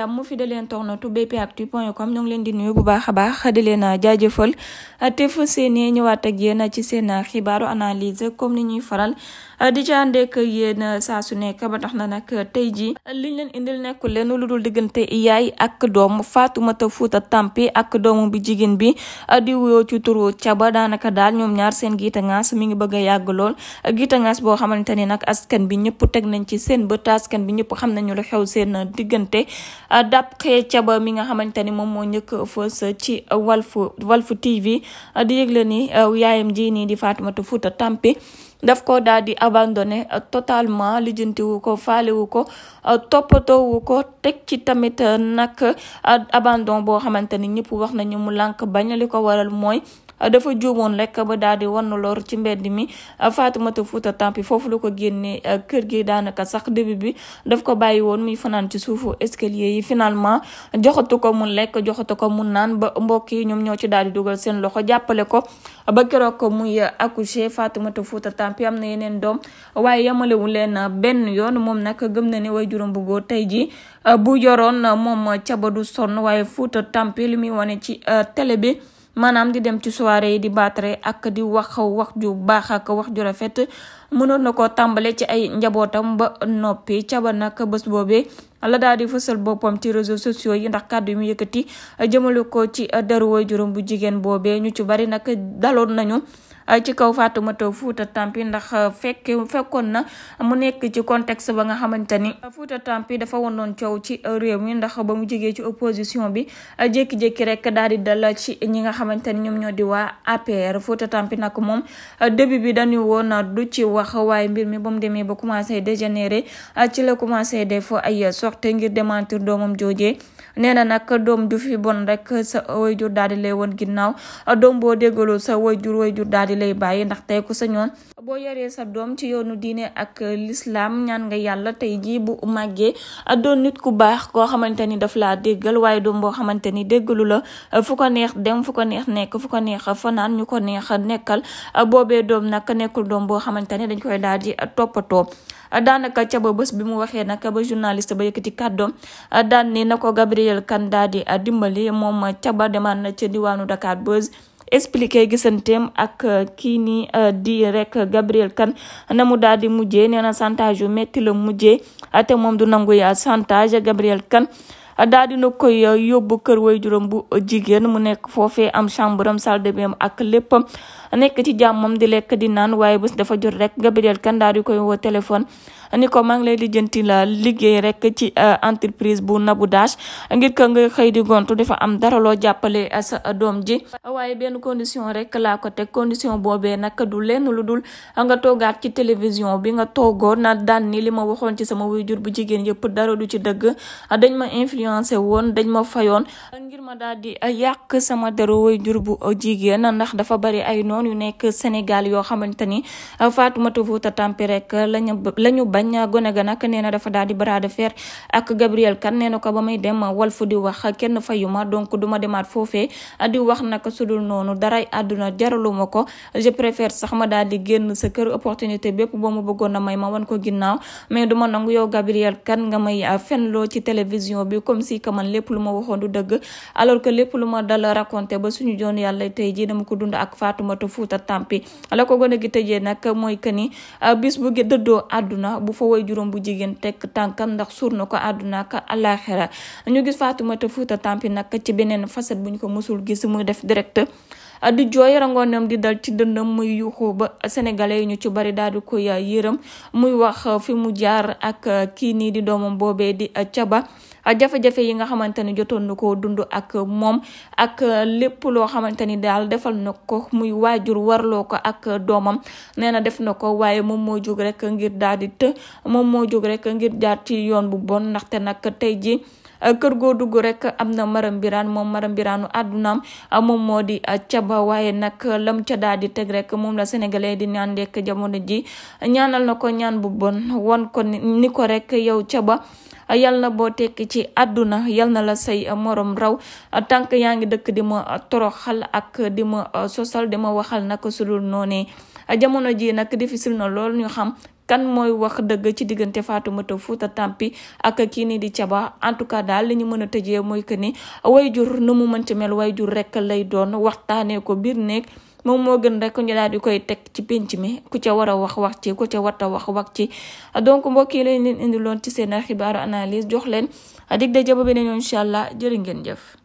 jàmm fi da leen toxnatu bpactu point com ñoo ngi leen di nuyu bu baax a baax di leen jaajëfal te fu seeni ñëwaat ak yéen ci seen xibaaru analyse comme ni ñuy faral di ci ànd ak yéen saa su nekk ba tax na nag tey jii liñ leen indil nekkul leen lu dul diggante yaay ak doom faatumata Fouta Tampi ak doomu bi jigéen bi di wuyoo ci turu Thiaba daanaka daal ñoom ñaar seen giita ngaas mi ngi bëgg a yàgg lool giita ngaas boo xamante ni nag askan bi ñëpp teg nañ ci seen bët askan bi ñëpp xam nañu lu xew seen diggante d'après caba mi nga xamante ni moom moo njëkk fës ci Walf Walf TV di yëgle ni yaayam ji nii di Fatoumata Fouta Tampi daf ko daal di abandonné euh, totalement lijjantiwu ko faalewu ko euh, toppatoowu ko teg ci tamit euh, nag abandon boo xamante ni ñëpp wax nañu mu lank bañ li ko waral mooy dafa juumoon rek ba daal di wan loor ci mbedd mi Fatoumata Fouta Tampi foofu la ko génnee kër gi daanaka sax début bi daf ko bàyyi woon muy fanaan ci suufu escalier yi finalement joxatu ko mu lekk joxatu ko mun naan ba mbokk yi ñoom ñoo ci daal di dugal seen loxo jàppale ko ba keroog ko muy accouché Fatoumata Fouta Tampi am na yeneen doom waaye yamalewu leen benn yoon moom nag gëm na ne way juróom bu góor tey jii bu yoroon moom caba du sonn waaye Fouta Tampi li muy wane ci télé bi maanaam di dem ci soirée yi di baatare ak di wax wax ju baax ak wax ju rafet mënoon na koo tàmbalee ci ay njabootam ba noppi caba nag bés boobee la daal di fësal boppam ci réseaux sociaux yi ndax kàddu yi mu yëkkati jëmale ko ci woy juróom bu jigéen boobee ñu ci bari nag daloon nañu. ci kaw Fatoumata Fouta Tampi ndax euh, fekke fekkoon na mu nekk ci contexte ba nga xamante ni euh, Fouta Tampi dafa wonoon coow ci euh, réew mi ndax ba mu jegee ci opposition bi jékki-jékki rek daal di dal ci ñi nga xamante ni ñoom ñoo di waa APR Fouta Tampi nag moom début bi dañuy woon du ci wax waaye mbir mi ba mu demee ba commencé dégénérer ci la commencé def ay sorte ngir démentir doomam joojee nee na nag doom ju fi bon rek sa wayjur daal di lay woon ginnaaw doom boo déggaloo sa wayjur wayjur daal di lay bàyyi ndax tey ku sañoon boo yoree sa doom ci yoonu diine ak lislaam ñaan nga yàlla tey jii bu màggee a doon nit ku baax koo xamante ni daf laa déggal waaye doom boo xamante ni déggalu la fu ko neex dem fu ko neex nekk fu ko neex fanaan ñu ko neex nekkal boobee doom nag nekkul doom boo xamante ni dañ koy daal di toppatoo daanaka ca ba bës bi mu waxee nag ba journaliste ba yëkkati kàddoom daan ni na ko Gabriel Kane daal di dimbali moom a ca ba demaan na ca diwaanu Dakar expliqué gisanteem ak euh, kii nii euh, di rek Gabriel Kane na mu daal di mujjee nee na chantage yu métti la mujjee moom du nangu ya chantage Gabriel daa dina koy euh, yóbbu kër waajuram bu jigéen mu nekk foofee am chambre am salle de bain léppam lépp nekk ci jàmmam di lekk di naan waaye bés dafa jot rek Gabrielle Kane daal di koy woo téléphone ni ko maa ngi lay la liggéey rek ci euh, entreprise bu Nabou Dash ngir ko nga xëy gontu dafa am dara loo jàppale euh, sa doom ji waaye benn condition rek laa ko teg condition boobee nag du lenn lu dul a nga toogaat ci télévision bi nga toogoo na daan ni li ma waxoon ci sama waajur bu jigéen yëpp dara du ci dëgg influencé woon dañ ma fayoon ngir ma daal di eh, yàq sama deru waajur bu eh, ndax dafa bari ay noon yu nekk Sénégal yoo xamante ni eh, Fatoumata Fouta Tampi rek lañu lañu bañ gone ga nag nee na dafa daal di bras fer ak Gabriel Kane nee na ko ba may dem wal fu di wax kenn fayuma donc duma demaat foofe di wax nag su dul noonu daray àdduna jaraluma ko je préfère sax ma dal di génn sa kër opportunité bépp boo mu bëggoon a may ma wan ko ginnaaw mais duma nangu yow Gabriel Kane nga may fenloo ci télévision bi comme comme si que man lépp lu ma waxoon du dëgg alors que lépp lu ma dala raconté ba suñu joon yàlla tey jii dama ko dund ak Fatoumata Fouta Tampi la ko gone gi jee nag mooy que ni euh, bis bu dëddoo àdduna bu fa woy juróom bu jigéen tekk tànkam ndax suur na ko àdduna ak àllaaxira ñu gis Fatoumata Fouta Tampi nag ci beneen facette bu ñu ko mësul gis mu def direct di jooy rangoonam di dal ci dëndam muy yuuxu ba sénégalais yi ñu ci bari daal di koy uh, yërëm muy wax uh, fi mu jaar ak uh, kii nii di doomam boobee di caba jafe-jafe yi nga xamante ni jotoon na koo dund ak moom ak lépp loo xamante ni daal defal na ko muy waajur warloo ko ak doomam nee na def na ko waaye moom moo jóg rek ngir daal di të moom moo jóg rek ngir jaar ci yoon bu bon ndaxte nag tey ji Euh, kër goo dugg rek am na maram biraan moom maram biraanu àddunaam euh, moom moo di euh, caba waaye nag lam ca daal di teg rek moom la sénégalais di naan rek jamono ji ñaanal na ko ñaan bu bon won ko ni ko rek yow caba yal na boo tekki ci àdduna yal na la say morom raw tànk yaa ngi dëkk di ma toroxal ak di ma sosal di ma waxal naka sudul noonee jamono ji nag difficile na lool ñu xam kan mooy wax dëgg ci diggante Fatoumata Fouta tàmpi ak kii nii di cabaa en tout cas daal li ñu mën a tëjee mooy que ni jur nu mu mënti mel jur rek lay doon waxtaanee ko biir néeg moom moo gën rekk ñu daal di koy teg ci penc mi ku ca war a wax wax ci ku ca wata wax wax ci donc mbokk yi lañ leen indiloon ci seen a xibaaru analyse jox leen dig daje ba beneen yoon incha allah jërë ngeen jëf.